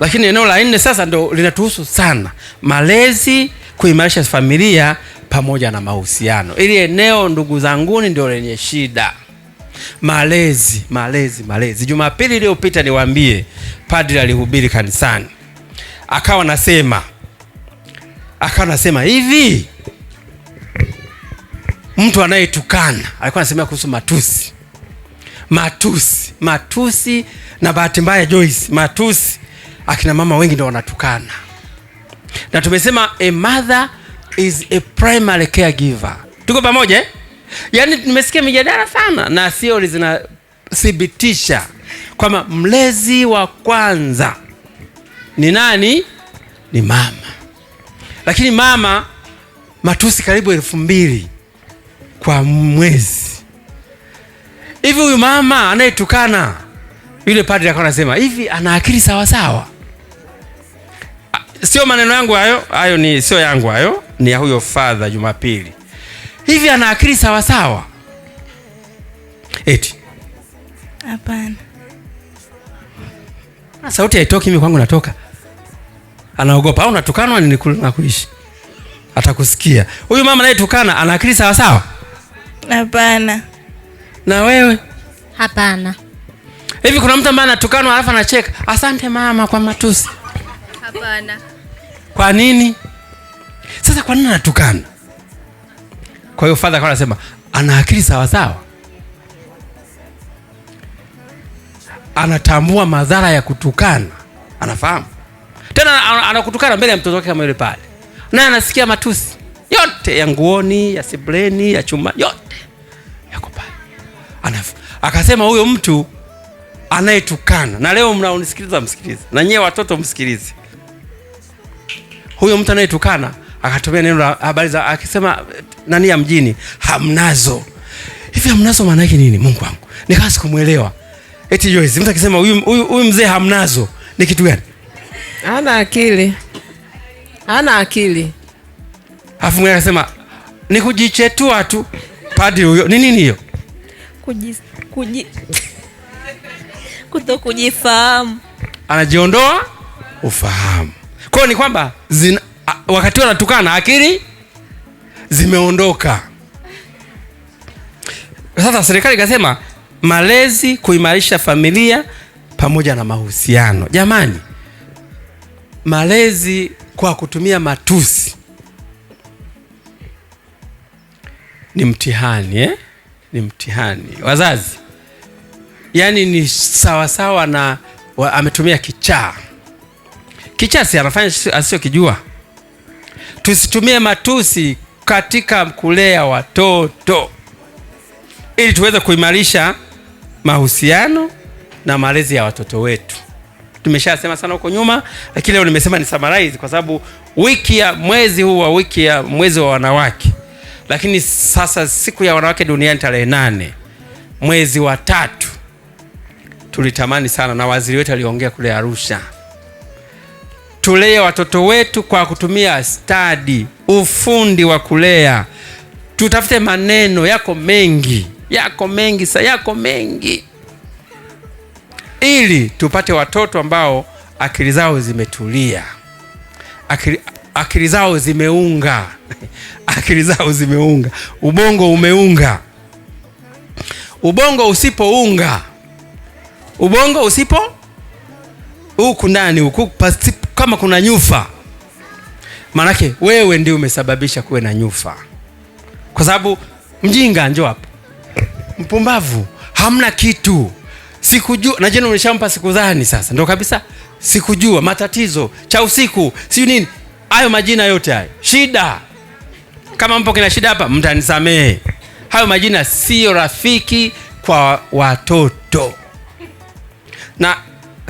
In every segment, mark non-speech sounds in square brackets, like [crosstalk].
Lakini eneo la nne sasa ndo linatuhusu sana, malezi, kuimarisha familia pamoja na mahusiano. Ili eneo ndugu zanguni ndio lenye shida, malezi, malezi, malezi. Jumapili iliyopita niwaambie, padri alihubiri kanisani, akawa nasema akawa nasema hivi, mtu anayetukana, alikuwa anasemea kuhusu matusi, matusi, matusi na bahati mbaya Joyce, matusi akina mama wengi ndio wanatukana, na tumesema a mother is a primary caregiver. Tuko pamoja eh? Yani nimesikia mijadala sana na theory zinathibitisha kwamba mlezi wa kwanza ni nani? Ni mama. Lakini mama matusi karibu elfu mbili kwa mwezi hivi. Huyu mama anayetukana yule padri akawa anasema hivi, ana akili sawasawa? sio maneno yangu hayo, hayo ni sio yangu hayo, ni ya huyo Fadha Jumapili. Hivi ana akili sawa sawa? Eti hapana, ah, sauti haitoki, mimi kwangu natoka. Anaogopa au natukanwa na kuishi, atakusikia huyu mama naye tukana. Ana akili sawa sawa? Hapana. Na wewe? Hapana. Hivi kuna mtu ambaye anatukanwa alafu anacheka, asante mama kwa matusi? Hapana. Kwa nini sasa? Kwa nini anatukana? Kwa hiyo fadha kwa anasema ana akili sawasawa, anatambua madhara ya kutukana, anafahamu tena anakutukana mbele ya mtoto wake kama yule pale, naye anasikia matusi yote ya nguoni, ya sebleni, ya chuma, yote yako pale. Akasema huyo mtu anayetukana, na leo mnaonisikiliza msikilize, na nyewe watoto msikilize, huyo mtu anayetukana akatumia neno la habari za akisema nani ya mjini, hamnazo hivi. Hamnazo maana yake nini? Mungu wangu, nikawa sikumwelewa. Eti Joyce, mtu akisema huyu mzee hamnazo ni kitu gani? Ana akili, ana akili. Afu mwingine akasema ni kujichetua tu padri huyo. Ni nini hiyo? kuji, kuji... [laughs] kuto kujifahamu, anajiondoa ufahamu kwao ni kwamba zina, wakati wanatukana akili zimeondoka sasa serikali ikasema malezi kuimarisha familia pamoja na mahusiano jamani malezi kwa kutumia matusi ni mtihani eh? ni mtihani wazazi yaani ni sawasawa na wa, ametumia kichaa kichasi anafanya asiyokijua. Tusitumie matusi katika kulea watoto ili tuweze kuimarisha mahusiano na malezi ya watoto wetu. Tumeshasema sana huko nyuma, lakini leo nimesema ni summarize kwa sababu wiki ya mwezi huu wa wiki ya mwezi wa wanawake, lakini sasa siku ya wanawake duniani tarehe nane mwezi wa tatu tulitamani sana, na waziri wetu aliongea kule Arusha tulee watoto wetu kwa kutumia stadi, ufundi wa kulea. Tutafute maneno, yako mengi, yako mengi sa, yako mengi, ili tupate watoto ambao akili zao zimetulia, akili, akili zao zimeunga, [laughs] akili zao zimeunga, ubongo umeunga. Ubongo usipounga, ubongo usipo huku ndani huku kama kuna nyufa, maanake wewe ndio umesababisha kuwe na nyufa, kwa sababu mjinga, njoo hapo, mpumbavu, hamna kitu, sikujua na jana ulishampa siku zani. sasa ndo kabisa, sikujua, matatizo, cha usiku, siyo nini, hayo majina yote hayo, shida. Kama mpo kina shida hapa, mtanisamehe, hayo majina siyo rafiki kwa watoto na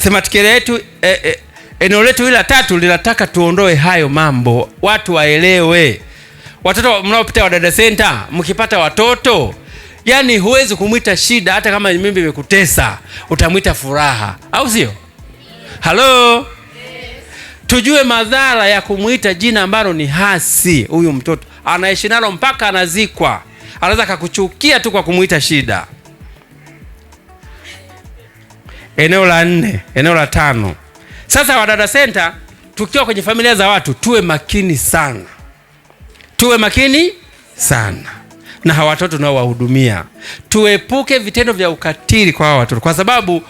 thematikele yetu eh, eh, eneo letu hili la tatu linataka tuondoe hayo mambo, watu waelewe. Watoto mnaopita Wadada Center, mkipata watoto yani, huwezi kumwita shida, hata kama mimbi imekutesa utamwita furaha, au sio? Halo, tujue madhara ya kumwita jina ambalo ni hasi. Huyu mtoto anaishi nalo mpaka anazikwa, anaweza akakuchukia tu kwa kumwita shida eneo la nne, eneo la tano. Sasa Wadada Center, tukiwa kwenye familia za watu tuwe makini sana, tuwe makini sana na hawa watoto tunaowahudumia, tuepuke vitendo vya ukatili kwa hawa watoto, kwa sababu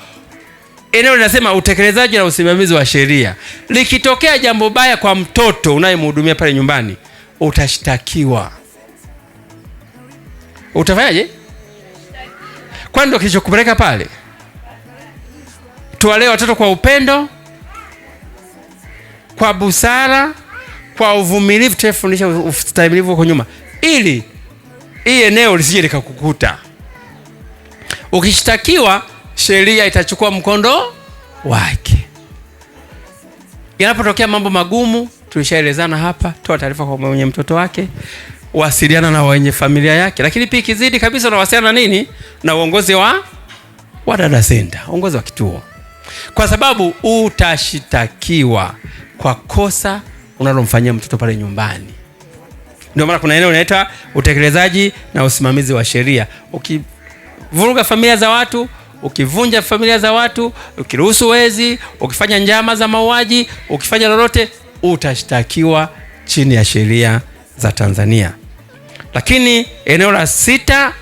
eneo linasema utekelezaji na usimamizi wa sheria. Likitokea jambo baya kwa mtoto unayemhudumia pale nyumbani, utashtakiwa. Utafanyaje? Kwani ndo kilichokupeleka pale? tuwalee watoto kwa upendo, kwa busara, kwa uvumilivu, tutafundisha ustahimilivu huko nyuma, ili hii eneo lisije likakukuta. Ukishtakiwa, sheria itachukua mkondo wake. Yanapotokea mambo magumu, tulishaelezana hapa, toa taarifa kwa mwenye mtoto wake, wasiliana na wenye familia yake, lakini pia ikizidi kabisa, unawasiliana nini na uongozi wa Wadada Senta, uongozi wa kituo kwa sababu utashitakiwa kwa kosa unalomfanyia mtoto pale nyumbani. Ndio maana kuna eneo linaitwa utekelezaji na usimamizi wa sheria. Ukivuruga familia za watu, ukivunja familia za watu, ukiruhusu wezi, ukifanya njama za mauaji, ukifanya lolote, utashtakiwa chini ya sheria za Tanzania. Lakini eneo la sita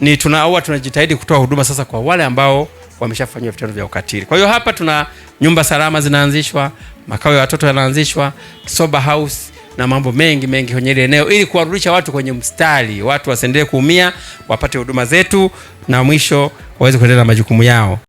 ni tunaua, tunajitahidi kutoa huduma sasa kwa wale ambao wameshafanyiwa vitendo vya ukatili. Kwa hiyo hapa tuna nyumba salama zinaanzishwa, makao ya watoto yanaanzishwa, sober house na mambo mengi mengi kwenye ile eneo ili kuwarudisha watu kwenye mstari, watu wasiendelee kuumia, wapate huduma zetu na mwisho waweze kuendelea na majukumu yao.